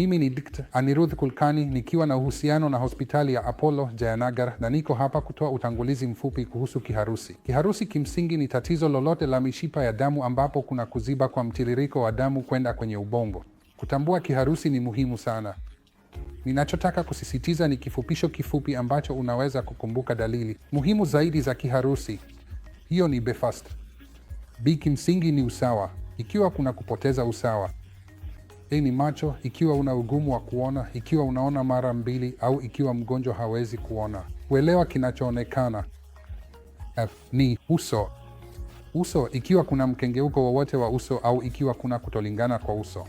Mimi ni Dkt. Anirudh Kulkani nikiwa na uhusiano na hospitali ya Apollo Jayanagar na niko hapa kutoa utangulizi mfupi kuhusu kiharusi. Kiharusi kimsingi ni tatizo lolote la mishipa ya damu ambapo kuna kuziba kwa mtiririko wa damu kwenda kwenye ubongo. Kutambua kiharusi ni muhimu sana. Ninachotaka kusisitiza ni kifupisho kifupi ambacho unaweza kukumbuka dalili muhimu zaidi za kiharusi. Hiyo ni BEFAST. B kimsingi ni usawa, ikiwa kuna kupoteza usawa hii ni macho. Ikiwa una ugumu wa kuona, ikiwa unaona mara mbili, au ikiwa mgonjwa hawezi kuona, uelewa kinachoonekana. F ni uso. Uso, ikiwa kuna mkengeuko wowote wa uso au ikiwa kuna kutolingana kwa uso.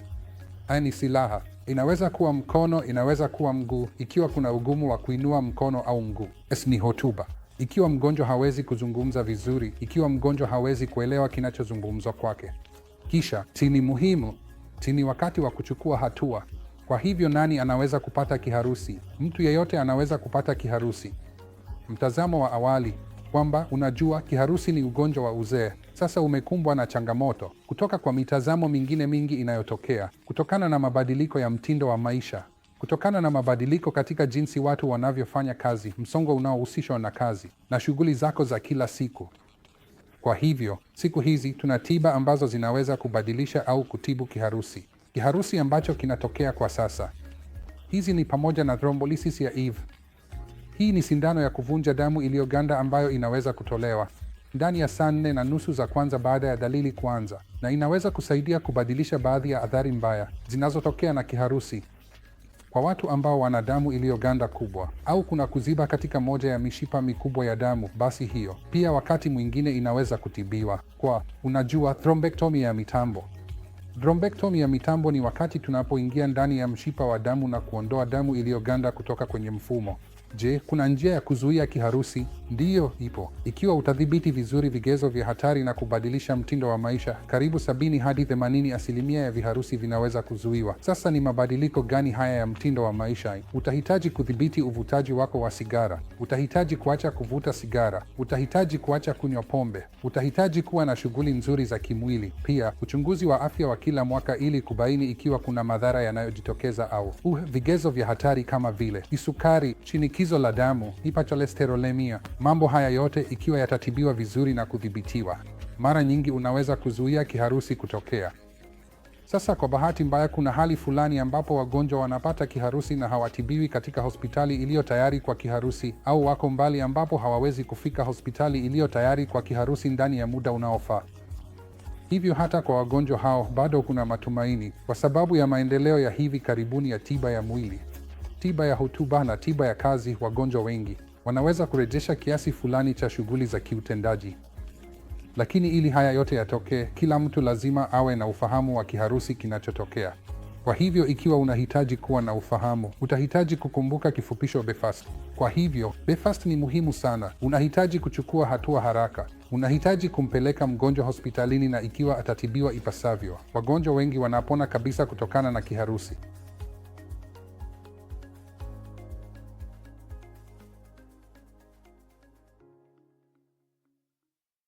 Haya ni silaha, inaweza kuwa mkono, inaweza kuwa mguu, ikiwa kuna ugumu wa kuinua mkono au mguu. S ni hotuba. Ikiwa mgonjwa hawezi kuzungumza vizuri, ikiwa mgonjwa hawezi kuelewa kinachozungumzwa kwake. Kisha T ni muhimu ni wakati wa kuchukua hatua. Kwa hivyo, nani anaweza kupata kiharusi? Mtu yeyote anaweza kupata kiharusi. Mtazamo wa awali kwamba unajua, kiharusi ni ugonjwa wa uzee, sasa umekumbwa na changamoto kutoka kwa mitazamo mingine mingi inayotokea kutokana na mabadiliko ya mtindo wa maisha, kutokana na mabadiliko katika jinsi watu wanavyofanya kazi, msongo unaohusishwa na kazi na shughuli zako za kila siku. Kwa hivyo siku hizi tuna tiba ambazo zinaweza kubadilisha au kutibu kiharusi, kiharusi ambacho kinatokea kwa sasa. Hizi ni pamoja na thrombolisis ya Eve. Hii ni sindano ya kuvunja damu iliyoganda ambayo inaweza kutolewa ndani ya saa nne na nusu za kwanza baada ya dalili kuanza, na inaweza kusaidia kubadilisha baadhi ya athari mbaya zinazotokea na kiharusi. Kwa watu ambao wana damu iliyoganda kubwa au kuna kuziba katika moja ya mishipa mikubwa ya damu, basi hiyo pia wakati mwingine inaweza kutibiwa kwa, unajua, thrombektomi ya mitambo. Thrombektomi ya mitambo ni wakati tunapoingia ndani ya mshipa wa damu na kuondoa damu iliyoganda kutoka kwenye mfumo. Je, kuna njia ya kuzuia kiharusi? Ndiyo ipo, ikiwa utadhibiti vizuri vigezo vya hatari na kubadilisha mtindo wa maisha. Karibu sabini hadi themanini asilimia ya viharusi vinaweza kuzuiwa. Sasa ni mabadiliko gani haya ya mtindo wa maisha? Utahitaji kudhibiti uvutaji wako wa sigara, utahitaji kuacha kuvuta sigara, utahitaji kuacha kunywa pombe, utahitaji kuwa na shughuli nzuri za kimwili. Pia uchunguzi wa afya wa kila mwaka ili kubaini ikiwa kuna madhara yanayojitokeza au uh, vigezo vya hatari kama vile kisukari, shinikizo la damu, hipercholesterolemia Mambo haya yote ikiwa yatatibiwa vizuri na kudhibitiwa, mara nyingi unaweza kuzuia kiharusi kutokea. Sasa kwa bahati mbaya, kuna hali fulani ambapo wagonjwa wanapata kiharusi na hawatibiwi katika hospitali iliyo tayari kwa kiharusi, au wako mbali ambapo hawawezi kufika hospitali iliyo tayari kwa kiharusi ndani ya muda unaofaa. Hivyo hata kwa wagonjwa hao bado kuna matumaini, kwa sababu ya maendeleo ya hivi karibuni ya tiba ya mwili, tiba ya hotuba na tiba ya kazi. Wagonjwa wengi wanaweza kurejesha kiasi fulani cha shughuli za kiutendaji. Lakini ili haya yote yatokee, kila mtu lazima awe na ufahamu wa kiharusi kinachotokea. Kwa hivyo, ikiwa unahitaji kuwa na ufahamu, utahitaji kukumbuka kifupisho BEFAST. Kwa hivyo, BEFAST ni muhimu sana. Unahitaji kuchukua hatua haraka. Unahitaji kumpeleka mgonjwa hospitalini na ikiwa atatibiwa ipasavyo, wagonjwa wengi wanapona kabisa kutokana na kiharusi.